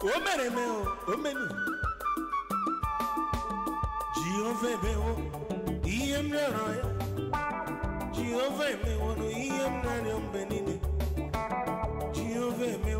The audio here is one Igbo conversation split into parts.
ka o mere eme o menu jehova emewo ihe m rịọrọ ya jehova emewo na ihe m na-arịọ mgbe niile jehova emewo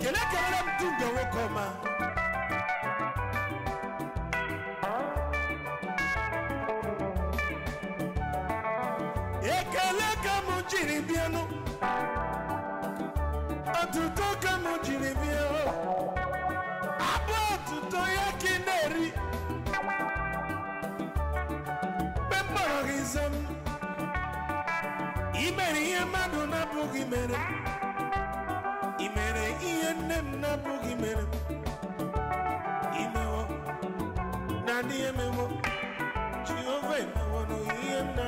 ekele kelere m dum ga nwoke ọma ekele ka m jiri bịanụ ọtụtụ ka m jiri bịa abụ ọtụtụ ya ka ị na-eri mgbe m kpọrọ gị zam na na-abụghị mere ihe nne m na-abụghị mere imewo na ndị emewo Jehova emewo na ihe nna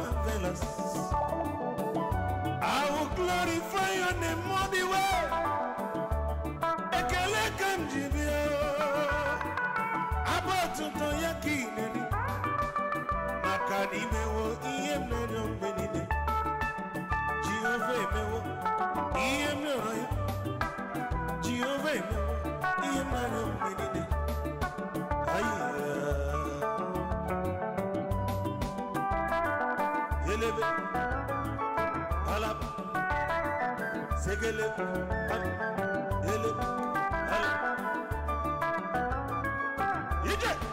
marvelous. I will glorify your name all the way. Ekele kan jibi o, abọ́ tuntun yẹ kí ìnẹ́ni, màkà ní mẹ́wọ́ iye mẹ́rin ọ̀gbìn nílẹ̀, jí o fẹ́ mẹ́wọ́ iye mẹ́rin ọ̀yọ́. Segelebe Alap segele, Al Lelebe Alap Yiyecek